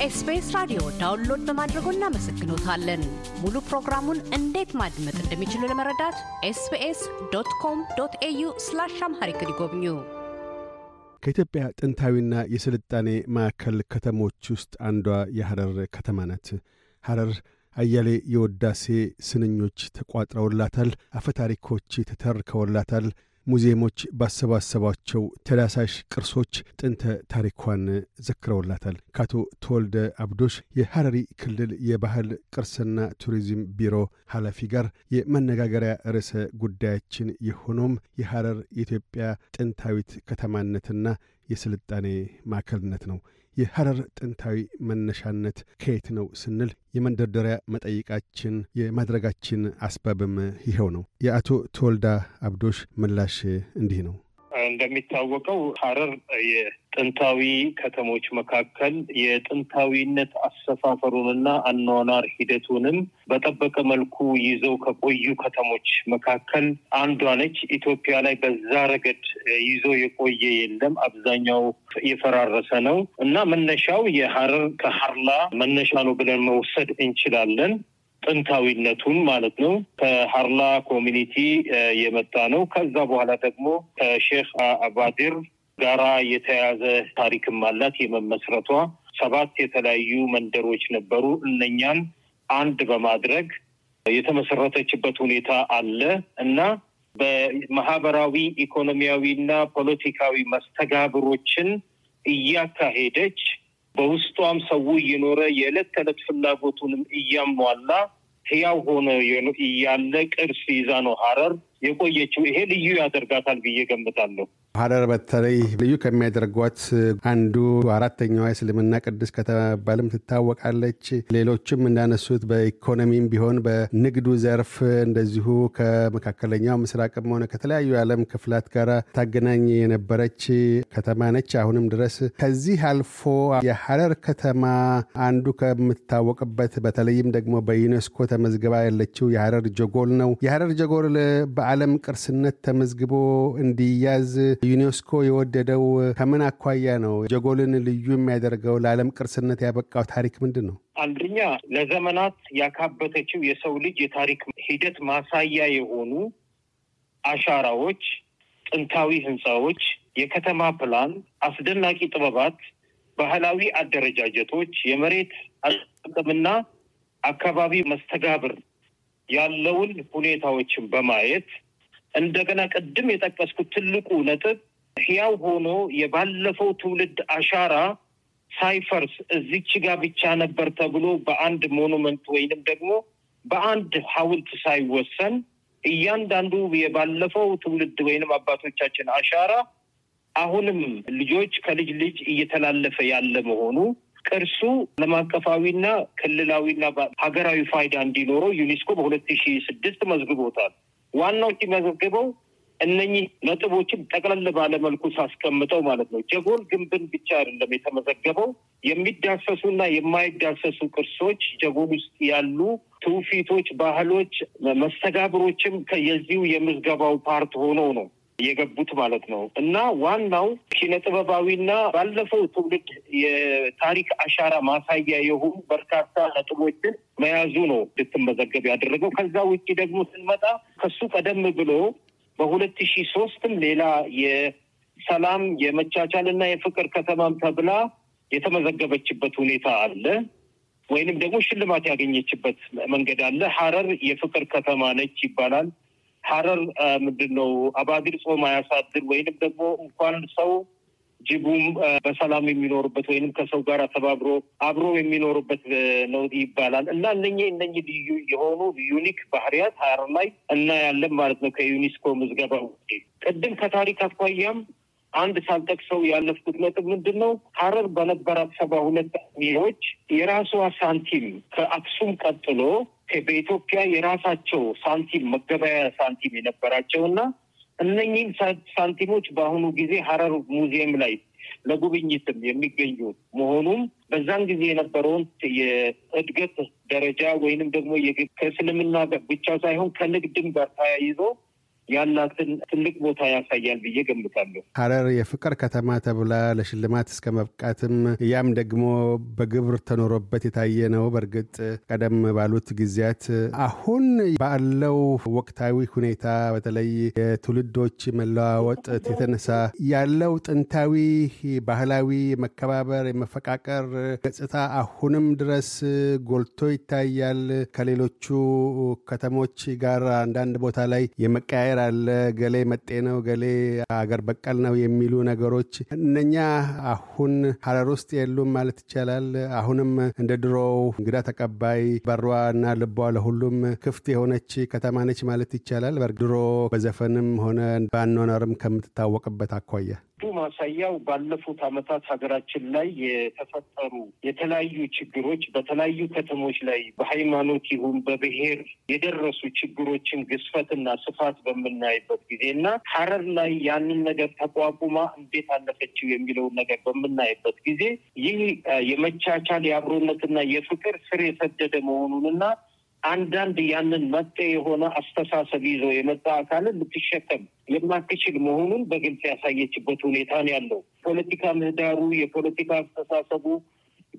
ከኤስቢኤስ ራዲዮ ዳውንሎድ በማድረጎ እናመሰግኖታለን። ሙሉ ፕሮግራሙን እንዴት ማድመጥ እንደሚችሉ ለመረዳት ኤስቢኤስ ዶት ኮም ዶት ኤዩ ስላሽ አምሃሪክ ይጎብኙ። ከኢትዮጵያ ጥንታዊና የስልጣኔ ማዕከል ከተሞች ውስጥ አንዷ የሐረር ከተማ ናት። ሐረር አያሌ የወዳሴ ስንኞች ተቋጥረውላታል። አፈታሪኮች ተተርከውላታል። ሙዚየሞች ባሰባሰቧቸው ተዳሳሽ ቅርሶች ጥንተ ታሪኳን ዘክረውላታል። ከአቶ ተወልደ አብዶሽ የሐረሪ ክልል የባህል ቅርስና ቱሪዝም ቢሮ ኃላፊ ጋር የመነጋገሪያ ርዕሰ ጉዳያችን የሆነውም የሐረር የኢትዮጵያ ጥንታዊት ከተማነትና የስልጣኔ ማዕከልነት ነው። የሐረር ጥንታዊ መነሻነት ከየት ነው ስንል የመንደርደሪያ መጠይቃችን የማድረጋችን አስባብም ይኸው ነው። የአቶ ተወልዳ አብዶሽ ምላሽ እንዲህ ነው። እንደሚታወቀው ሀረር የጥንታዊ ከተሞች መካከል የጥንታዊነት አሰፋፈሩንና አኗኗር ሂደቱንም በጠበቀ መልኩ ይዘው ከቆዩ ከተሞች መካከል አንዷ ነች። ኢትዮጵያ ላይ በዛ ረገድ ይዞ የቆየ የለም። አብዛኛው የፈራረሰ ነው እና መነሻው የሀረር ከሀርላ መነሻ ነው ብለን መውሰድ እንችላለን። ጥንታዊነቱን ማለት ነው ከሀርላ ኮሚኒቲ የመጣ ነው። ከዛ በኋላ ደግሞ ከሼክ አባዲር ጋራ የተያያዘ ታሪክም አላት። የመመስረቷ ሰባት የተለያዩ መንደሮች ነበሩ። እነኛን አንድ በማድረግ የተመሰረተችበት ሁኔታ አለ እና በማህበራዊ ኢኮኖሚያዊና ፖለቲካዊ መስተጋብሮችን እያካሄደች በውስጧም ሰው እየኖረ የዕለት ተዕለት ፍላጎቱንም እያሟላ ህያው ሆነ ያለ ቅርስ ይዛ ነው ሀረር የቆየችው። ይሄ ልዩ ያደርጋታል ብዬ ገምታለሁ። ሀረር በተለይ ልዩ ከሚያደርጓት አንዱ አራተኛዋ የእስልምና ቅዱስ ከተማ ትታወቃለች። ሌሎችም እንዳነሱት በኢኮኖሚም ቢሆን በንግዱ ዘርፍ እንደዚሁ ከመካከለኛው ምስራቅም ሆነ ከተለያዩ የዓለም ክፍላት ጋር ታገናኝ የነበረች ከተማ ነች አሁንም ድረስ። ከዚህ አልፎ የሀረር ከተማ አንዱ ከምትታወቅበት በተለይም ደግሞ በዩኔስኮ ተመዝግባ ያለችው የሀረር ጀጎል ነው። የሀረር ጀጎል በዓለም ቅርስነት ተመዝግቦ እንዲያዝ ዩኔስኮ የወደደው ከምን አኳያ ነው? ጀጎልን ልዩ የሚያደርገው ለዓለም ቅርስነት ያበቃው ታሪክ ምንድን ነው? አንደኛ ለዘመናት ያካበተችው የሰው ልጅ የታሪክ ሂደት ማሳያ የሆኑ አሻራዎች፣ ጥንታዊ ህንፃዎች፣ የከተማ ፕላን፣ አስደናቂ ጥበባት፣ ባህላዊ አደረጃጀቶች፣ የመሬት አጠቃቀምና አካባቢ መስተጋብር ያለውን ሁኔታዎችን በማየት እንደገና ቅድም የጠቀስኩት ትልቁ ነጥብ ህያው ሆኖ የባለፈው ትውልድ አሻራ ሳይፈርስ እዚች ጋር ብቻ ነበር ተብሎ በአንድ ሞኑመንት ወይንም ደግሞ በአንድ ሀውልት ሳይወሰን እያንዳንዱ የባለፈው ትውልድ ወይንም አባቶቻችን አሻራ አሁንም ልጆች ከልጅ ልጅ እየተላለፈ ያለ መሆኑ ቅርሱ ዓለም አቀፋዊና ክልላዊና ሀገራዊ ፋይዳ እንዲኖረው ዩኔስኮ በሁለት ሺ ስድስት መዝግቦታል። ዋናው የሚያዘግበው እነኚህ ነጥቦችን ጠቅለል ባለመልኩ ሳስቀምጠው ማለት ነው። ጀጎል ግንብን ብቻ አይደለም የተመዘገበው የሚዳሰሱና የማይዳሰሱ ቅርሶች ጀጎል ውስጥ ያሉ ትውፊቶች፣ ባህሎች፣ መስተጋብሮችም ከየዚሁ የምዝገባው ፓርት ሆኖ ነው የገቡት ማለት ነው እና ዋናው ኪነ ጥበባዊና ባለፈው ትውልድ የታሪክ አሻራ ማሳያ የሆኑ በርካታ ነጥቦችን መያዙ ነው እንድትመዘገብ ያደረገው። ከዛ ውጭ ደግሞ ስንመጣ ከሱ ቀደም ብሎ በሁለት ሺ ሶስትም ሌላ የሰላም የመቻቻል እና የፍቅር ከተማም ተብላ የተመዘገበችበት ሁኔታ አለ ወይንም ደግሞ ሽልማት ያገኘችበት መንገድ አለ። ሀረር የፍቅር ከተማ ነች ይባላል። ሀረር ምንድን ነው አባቢር ጾም አያሳድር ወይንም ደግሞ እንኳን ሰው ጅቡም በሰላም የሚኖሩበት ወይንም ከሰው ጋር ተባብሮ አብሮ የሚኖሩበት ነው ይባላል እና እነኚ እነኚ ልዩ የሆኑ ዩኒክ ባህሪያት ሀረር ላይ እናያለን ማለት ነው ከዩኒስኮ ምዝገባ ቅድም ከታሪክ አኳያም አንድ ሳልጠቅሰው ያለፍኩት ነጥብ ምንድን ነው? ሀረር በነበራት ሰባ ሁለት ሚዎች የራሷ ሳንቲም ከአክሱም ቀጥሎ በኢትዮጵያ የራሳቸው ሳንቲም መገበያ ሳንቲም የነበራቸውና እነኚህም ሳንቲሞች በአሁኑ ጊዜ ሀረር ሙዚየም ላይ ለጉብኝትም የሚገኙ መሆኑም በዛን ጊዜ የነበረውን የእድገት ደረጃ ወይንም ደግሞ ከእስልምና ብቻ ሳይሆን ከንግድም ጋር ተያይዞ ያላትን ትልቅ ቦታ ያሳያል ብዬ ገምታለሁ። ሀረር የፍቅር ከተማ ተብላ ለሽልማት እስከ መብቃትም ያም ደግሞ በግብር ተኖሮበት የታየ ነው። በእርግጥ ቀደም ባሉት ጊዜያት አሁን ባለው ወቅታዊ ሁኔታ በተለይ የትውልዶች መለዋወጥ የተነሳ ያለው ጥንታዊ ባህላዊ መከባበር፣ የመፈቃቀር ገጽታ አሁንም ድረስ ጎልቶ ይታያል። ከሌሎቹ ከተሞች ጋር አንዳንድ ቦታ ላይ የመቀያየር ነገር አለ፣ ገሌ መጤ ነው፣ ገሌ አገር በቀል ነው የሚሉ ነገሮች እነኛ አሁን ሀረር ውስጥ የሉም ማለት ይቻላል። አሁንም እንደ ድሮው እንግዳ ተቀባይ በሯ እና ልቧ ለሁሉም ክፍት የሆነች ከተማ ነች ማለት ይቻላል። ድሮ በዘፈንም ሆነ ባኗኗርም ከምትታወቅበት አኳያ ማሳያው ባለፉት ዓመታት ሀገራችን ላይ የተፈጠሩ የተለያዩ ችግሮች በተለያዩ ከተሞች ላይ በሃይማኖት ይሁን በብሔር የደረሱ ችግሮችን ግዝፈትና ስፋት በምናይበት ጊዜ እና ሀረር ላይ ያንን ነገር ተቋቁማ እንዴት አለፈችው የሚለውን ነገር በምናይበት ጊዜ ይህ የመቻቻል የአብሮነትና የፍቅር ስር የሰደደ መሆኑንና አንዳንድ ያንን መጤ የሆነ አስተሳሰብ ይዞ የመጣ አካልን ልትሸከም የማትችል መሆኑን በግልጽ ያሳየችበት ሁኔታ ነው ያለው። ፖለቲካ ምህዳሩ፣ የፖለቲካ አስተሳሰቡ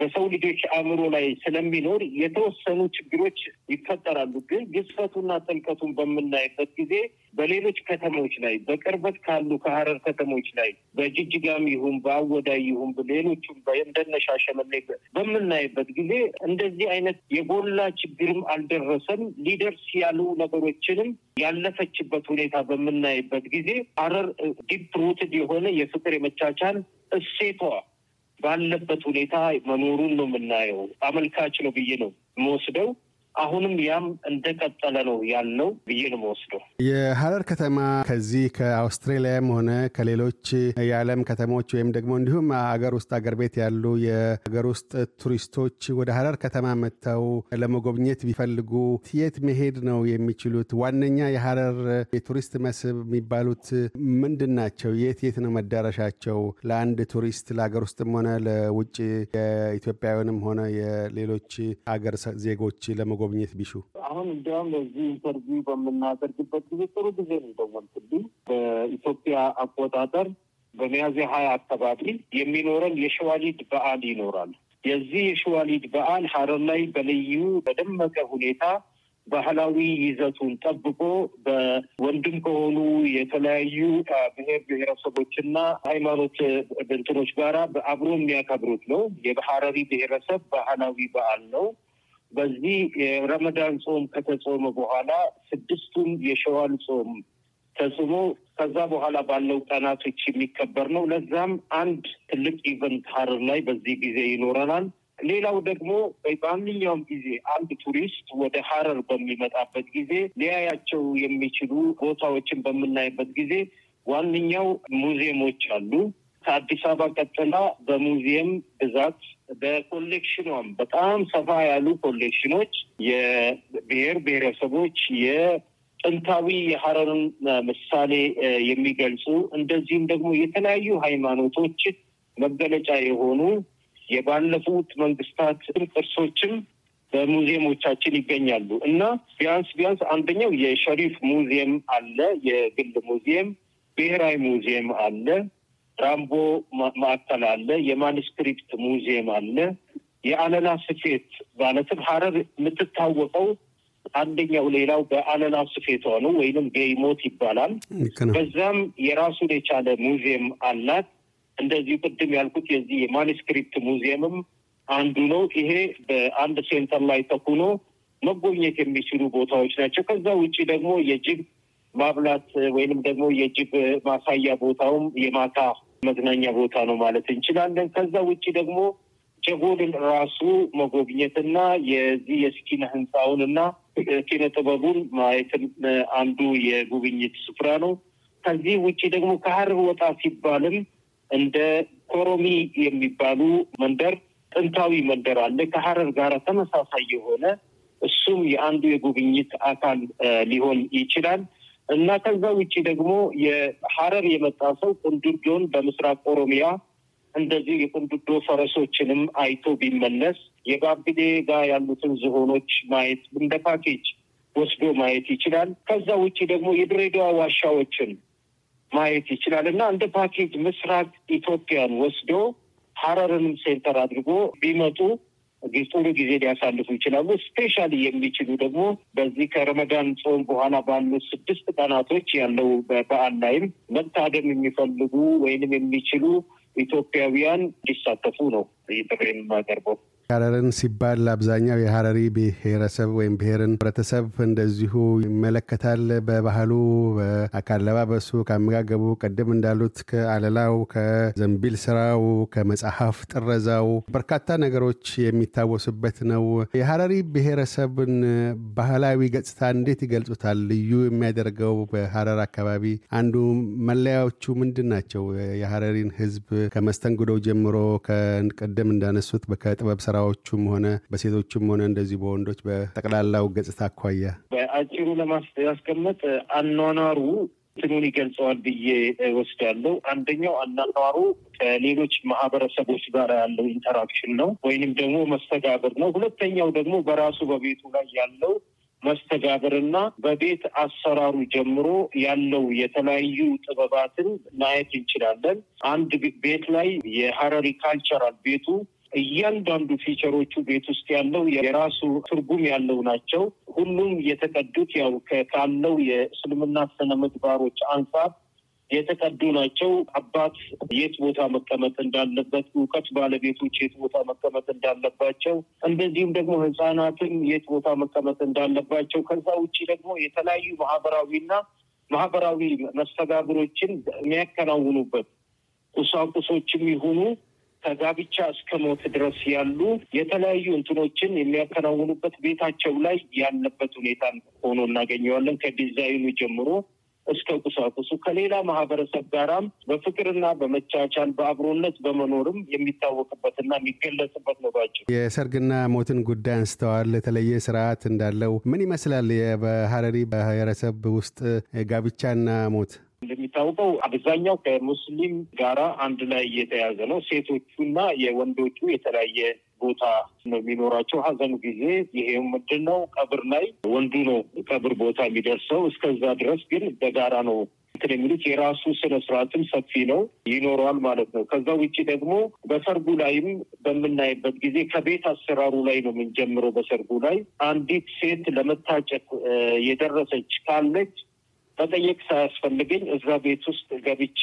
በሰው ልጆች አእምሮ ላይ ስለሚኖር የተወሰኑ ችግሮች ይፈጠራሉ። ግን ግዝፈቱና ጥልቀቱን በምናይበት ጊዜ በሌሎች ከተሞች ላይ በቅርበት ካሉ ከሀረር ከተሞች ላይ በጅጅጋም ይሁን በአወዳይ ይሁን ሌሎቹም እንደነ በምናይበት ጊዜ እንደዚህ አይነት የጎላ ችግርም አልደረሰም። ሊደርስ ያሉ ነገሮችንም ያለፈችበት ሁኔታ በምናይበት ጊዜ ሀረር ዲፕ ሩትድ የሆነ የፍቅር የመቻቻል እሴቷ ባለበት ሁኔታ መኖሩን ነው የምናየው። አመልካች ነው ብዬ ነው የምወስደው። አሁንም ያም እንደቀጠለ ነው ያለው ብዬ ነው መወስዶ። የሀረር ከተማ ከዚህ ከአውስትሬሊያም ሆነ ከሌሎች የዓለም ከተሞች ወይም ደግሞ እንዲሁም አገር ውስጥ አገር ቤት ያሉ የሀገር ውስጥ ቱሪስቶች ወደ ሀረር ከተማ መጥተው ለመጎብኘት ቢፈልጉ የት መሄድ ነው የሚችሉት? ዋነኛ የሀረር የቱሪስት መስህብ የሚባሉት ምንድን ናቸው? የት የት ነው መዳረሻቸው? ለአንድ ቱሪስት ለሀገር ውስጥም ሆነ ለውጭ የኢትዮጵያውያንም ሆነ የሌሎች አገር ዜጎች ለመጎ መጎብኘት ቢሹ? አሁን እንዲያውም ለዚህ ኢንተርቪው በምናደርግበት ጊዜ ጥሩ ጊዜ ነው በኢትዮጵያ አቆጣጠር በሚያዝያ ሀያ አካባቢ የሚኖረን የሸዋሊድ በዓል ይኖራል። የዚህ የሸዋሊድ በዓል ሀረር ላይ በልዩ በደመቀ ሁኔታ ባህላዊ ይዘቱን ጠብቆ በወንድም ከሆኑ የተለያዩ ብሔር ብሔረሰቦችና ሃይማኖት ብንትኖች ጋራ በአብሮ የሚያከብሩት ነው። የሀረሪ ብሔረሰብ ባህላዊ በዓል ነው። በዚህ የረመዳን ጾም ከተጾመ በኋላ ስድስቱን የሸዋል ጾም ተጽሞ ከዛ በኋላ ባለው ቀናቶች የሚከበር ነው። ለዛም አንድ ትልቅ ኢቨንት ሀረር ላይ በዚህ ጊዜ ይኖረናል። ሌላው ደግሞ በማንኛውም ጊዜ አንድ ቱሪስት ወደ ሀረር በሚመጣበት ጊዜ ሊያያቸው የሚችሉ ቦታዎችን በምናይበት ጊዜ ዋነኛው ሙዚየሞች አሉ። ከአዲስ አበባ ቀጥላ በሙዚየም ብዛት በኮሌክሽኗም በጣም ሰፋ ያሉ ኮሌክሽኖች የብሔር ብሔረሰቦች የጥንታዊ የሀረርን ምሳሌ የሚገልጹ እንደዚህም ደግሞ የተለያዩ ሃይማኖቶች መገለጫ የሆኑ የባለፉት መንግስታት ቅርሶችም በሙዚየሞቻችን ይገኛሉ እና ቢያንስ ቢያንስ አንደኛው የሸሪፍ ሙዚየም አለ፣ የግል ሙዚየም፣ ብሔራዊ ሙዚየም አለ። ራምቦ ማዕከል አለ፣ የማኒስክሪፕት ሙዚየም አለ። የአለላ ስፌት ማለትም ሀረር የምትታወቀው አንደኛው ሌላው በአለላ ስፌቷ ነው፣ ወይንም ገይሞት ይባላል። በዛም የራሱን የቻለ ሙዚየም አላት። እንደዚሁ ቅድም ያልኩት የዚህ የማኒስክሪፕት ሙዚየምም አንዱ ነው። ይሄ በአንድ ሴንተር ላይ ተኩኖ መጎብኘት የሚችሉ ቦታዎች ናቸው። ከዛ ውጭ ደግሞ የጅብ ማብላት ወይንም ደግሞ የጅብ ማሳያ ቦታውም የማታ መዝናኛ ቦታ ነው ማለት እንችላለን። ከዛ ውጭ ደግሞ ጀጎልን ራሱ መጎብኘትና የዚህ የስኪነ ህንፃውን እና ኪነ ጥበቡን ማየትም አንዱ የጉብኝት ስፍራ ነው። ከዚህ ውጭ ደግሞ ከሀረር ወጣ ሲባልም እንደ ኮሮሚ የሚባሉ መንደር ጥንታዊ መንደር አለ ከሀረር ጋር ተመሳሳይ የሆነ እሱም የአንዱ የጉብኝት አካል ሊሆን ይችላል። እና ከዛ ውጭ ደግሞ የሀረር የመጣ ሰው ቁንዱዶን በምስራቅ ኦሮሚያ እንደዚህ የቁንዱዶ ፈረሶችንም አይቶ ቢመለስ የጋቢሌ ጋር ያሉትን ዝሆኖች ማየት እንደ ፓኬጅ ወስዶ ማየት ይችላል። ከዛ ውጭ ደግሞ የድሬዳዋ ዋሻዎችን ማየት ይችላል እና እንደ ፓኬጅ ምስራቅ ኢትዮጵያን ወስዶ ሀረርንም ሴንተር አድርጎ ቢመጡ ጥሩ ጊዜ ሊያሳልፉ ይችላሉ። ስፔሻሊ የሚችሉ ደግሞ በዚህ ከረመዳን ጾም በኋላ ባሉ ስድስት ቀናቶች ያለው በበዓል ላይም መታደም የሚፈልጉ ወይንም የሚችሉ ኢትዮጵያውያን ሊሳተፉ ነው ጥሪ የማቀርበው። ሀረርን ሲባል አብዛኛው የሀረሪ ብሔረሰብ ወይም ብሔርን ህብረተሰብ እንደዚሁ ይመለከታል። በባህሉ፣ ከአለባበሱ፣ ከአመጋገቡ ቅድም እንዳሉት ከአለላው፣ ከዘንቢል ስራው፣ ከመጽሐፍ ጥረዛው በርካታ ነገሮች የሚታወሱበት ነው። የሀረሪ ብሔረሰብን ባህላዊ ገጽታ እንዴት ይገልጹታል? ልዩ የሚያደርገው በሀረር አካባቢ አንዱ መለያዎቹ ምንድን ናቸው? የሀረሪን ህዝብ ከመስተንግዶ ጀምሮ ቅድም እንዳነሱት ከጥበብ በስራዎቹም ሆነ በሴቶችም ሆነ እንደዚህ በወንዶች በጠቅላላው ገጽታ አኳያ በአጭሩ ለማስቀመጥ አኗኗሩ ትኑን ይገልጸዋል ብዬ ወስዳለሁ። አንደኛው አኗኗሩ ከሌሎች ማህበረሰቦች ጋር ያለው ኢንተራክሽን ነው ወይንም ደግሞ መስተጋብር ነው። ሁለተኛው ደግሞ በራሱ በቤቱ ላይ ያለው መስተጋብርና በቤት አሰራሩ ጀምሮ ያለው የተለያዩ ጥበባትን ማየት እንችላለን። አንድ ቤት ላይ የሀረሪ ካልቸራል ቤቱ እያንዳንዱ ፊቸሮቹ ቤት ውስጥ ያለው የራሱ ትርጉም ያለው ናቸው። ሁሉም የተቀዱት ያው ካለው የእስልምና ስነ ምግባሮች አንጻር የተቀዱ ናቸው። አባት የት ቦታ መቀመጥ እንዳለበት፣ እውቀት ባለቤቶች የት ቦታ መቀመጥ እንዳለባቸው፣ እንደዚሁም ደግሞ ሕፃናትም የት ቦታ መቀመጥ እንዳለባቸው ከዛ ውጭ ደግሞ የተለያዩ ማህበራዊና ማህበራዊ መስተጋብሮችን የሚያከናውኑበት ቁሳቁሶችም ይሁኑ ከጋብቻ እስከ ሞት ድረስ ያሉ የተለያዩ እንትኖችን የሚያከናውኑበት ቤታቸው ላይ ያለበት ሁኔታ ሆኖ እናገኘዋለን። ከዲዛይኑ ጀምሮ እስከ ቁሳቁሱ ከሌላ ማህበረሰብ ጋራም በፍቅርና በመቻቻል በአብሮነት በመኖርም የሚታወቅበትና የሚገለጽበት ነው። የሰርግና ሞትን ጉዳይ አንስተዋል። የተለየ ስርዓት እንዳለው ምን ይመስላል? በሀረሪ ብሔረሰብ ውስጥ ጋብቻና ሞት እንደሚታወቀው አብዛኛው ከሙስሊም ጋራ አንድ ላይ እየተያዘ ነው። ሴቶቹና የወንዶቹ የተለያየ ቦታ ነው የሚኖራቸው። ሀዘኑ ጊዜ ይሄው ምንድን ነው ቀብር ላይ ወንዱ ነው ቀብር ቦታ የሚደርሰው። እስከዛ ድረስ ግን በጋራ ነው እንትን የሚሉት የራሱ ስነ ስርዓትም ሰፊ ነው ይኖረዋል ማለት ነው። ከዛ ውጭ ደግሞ በሰርጉ ላይም በምናይበት ጊዜ ከቤት አሰራሩ ላይ ነው የምንጀምረው። በሰርጉ ላይ አንዲት ሴት ለመታጨት የደረሰች ካለች መጠየቅ ሳያስፈልገኝ እዛ ቤት ውስጥ ገብቼ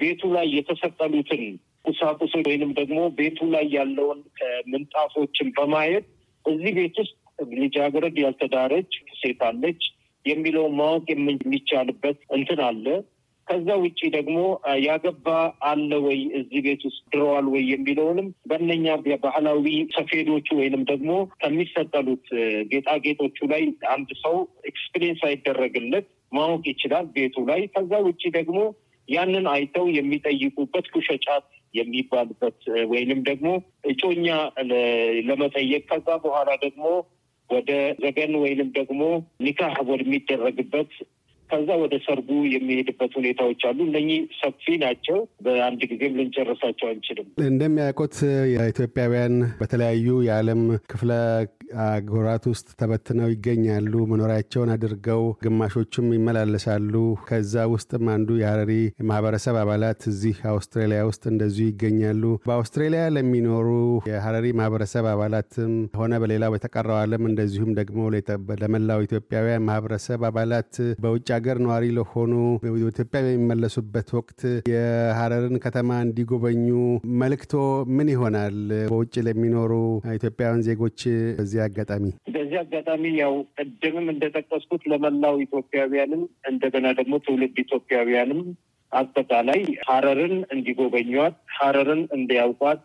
ቤቱ ላይ የተሰቀሉትን ቁሳቁስ ወይንም ደግሞ ቤቱ ላይ ያለውን ምንጣፎችን በማየት እዚህ ቤት ውስጥ ልጃገረድ ያልተዳረች ሴት አለች የሚለውን ማወቅ የሚቻልበት እንትን አለ። ከዛ ውጭ ደግሞ ያገባ አለ ወይ እዚህ ቤት ውስጥ ድረዋል ወይ የሚለውንም በእነኛ ባህላዊ ሰፌዶቹ ወይንም ደግሞ ከሚሰቀሉት ጌጣጌጦቹ ላይ አንድ ሰው ኤክስፒሪየንስ አይደረግለት ማወቅ ይችላል ቤቱ ላይ። ከዛ ውጭ ደግሞ ያንን አይተው የሚጠይቁበት ኩሸጫት የሚባልበት ወይንም ደግሞ እጮኛ ለመጠየቅ ከዛ በኋላ ደግሞ ወደ ዘገን ወይንም ደግሞ ኒካህ ወደሚደረግበት ከዛ ወደ ሰርጉ የሚሄድበት ሁኔታዎች አሉ። እነኚህ ሰፊ ናቸው። በአንድ ጊዜም ልንጨርሳቸው አንችልም። እንደሚያውቁት የኢትዮጵያውያን በተለያዩ የዓለም ክፍለ አገራት ውስጥ ተበትነው ይገኛሉ። መኖሪያቸውን አድርገው ግማሾቹም ይመላለሳሉ። ከዛ ውስጥም አንዱ የሀረሪ ማህበረሰብ አባላት እዚህ አውስትራሊያ ውስጥ እንደዚሁ ይገኛሉ። በአውስትራሊያ ለሚኖሩ የሀረሪ ማህበረሰብ አባላትም ሆነ በሌላው በተቀረው ዓለም እንደዚሁም ደግሞ ለመላው ኢትዮጵያውያን ማህበረሰብ አባላት በውጭ ሀገር ነዋሪ ለሆኑ ኢትዮጵያ በሚመለሱበት ወቅት የሀረርን ከተማ እንዲጎበኙ መልክቶ ምን ይሆናል? በውጭ ለሚኖሩ ኢትዮጵያውያን ዜጎች በዚህ አጋጣሚ በዚህ አጋጣሚ ያው ቅድምም እንደጠቀስኩት ለመላው ኢትዮጵያውያንም እንደገና ደግሞ ትውልድ ኢትዮጵያውያንም አጠቃላይ ሀረርን እንዲጎበኟት፣ ሀረርን እንዲያውቋት፣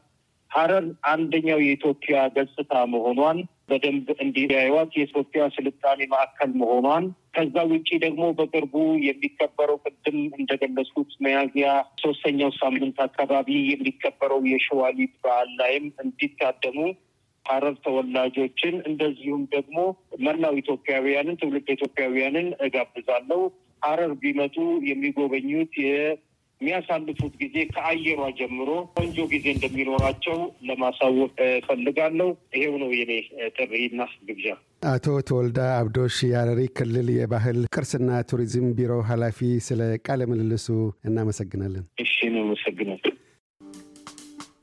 ሀረር አንደኛው የኢትዮጵያ ገጽታ መሆኗን በደንብ እንዲያዩዋት፣ የኢትዮጵያ ስልጣኔ ማዕከል መሆኗን ከዛ ውጪ ደግሞ በቅርቡ የሚከበረው ቅድም እንደገለጽኩት መያዝያ ሶስተኛው ሳምንት አካባቢ የሚከበረው የሸዋሊት በዓል ላይም እንዲታደሙ ሀረር ተወላጆችን እንደዚሁም ደግሞ መላው ኢትዮጵያውያንን ትውልድ ኢትዮጵያውያንን እጋብዛለሁ። ሀረር ቢመጡ የሚጎበኙት የሚያሳልፉት ጊዜ ከአየሯ ጀምሮ ቆንጆ ጊዜ እንደሚኖራቸው ለማሳወቅ እፈልጋለሁ። ይሄው ነው የኔ ጥሪና ግብዣ። አቶ ተወልዳ አብዶሽ የሀረሪ ክልል የባህል ቅርስና ቱሪዝም ቢሮ ኃላፊ፣ ስለ ቃለ ምልልሱ እናመሰግናለን። እሺ ነው